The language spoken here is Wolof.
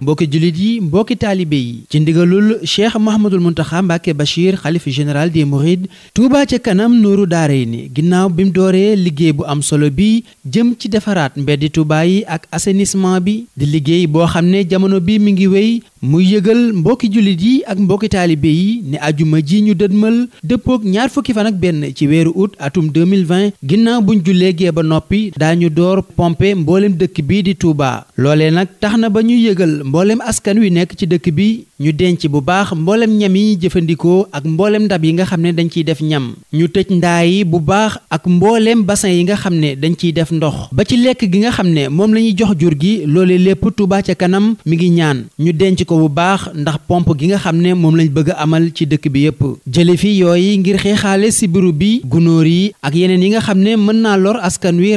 mbokki jullit yi mbokki taalibe yi ci ndigalul cheikh Mouhamadul Mountakha Mbacké Bachir xalif général des mourides Touba ca kanam nuuru daaray ni ginnaaw bi mu dooree liggéey bu am solo bi jëm ci defaraat mbeddi Touba yi ak assainissement bi di liggéey boo xam ne jamono bi mi ngi wéy muy yëgal mbokki jullit yi ak mbokki taalibe yi ne ajuma ji ñu dëdmal dëppook ñaar fukki fan ak benn ci weeru août atum 2020 ginnaaw buñ jullee gee ba noppi daañu door pompe mboolem dëkk bi di Touba loolee na mboolem askan wi nekk ci dëkk bi ñu denc bu baax mboolem ñam yi ñuy jëfandikoo ak mboolem ndab yi nga xam ne dañ ciy def ñam ñu tëj ndaa yi bu baax ak mboolem bassin yi nga xam ne dañ ciy def ndox ba ci lekk gi nga xam ne moom la ñuy jox jur gi loole lépp Touba ca kanam mu ngi ñaan ñu denc ko bu baax ndax pomp gi nga xam ne moom lañ bëgg amal ci dëkk bi yépp jële fi yooyu ngir xeexaale sibiru bi gunóor yi ak yeneen yi nga xam ne mën naa lor askan wi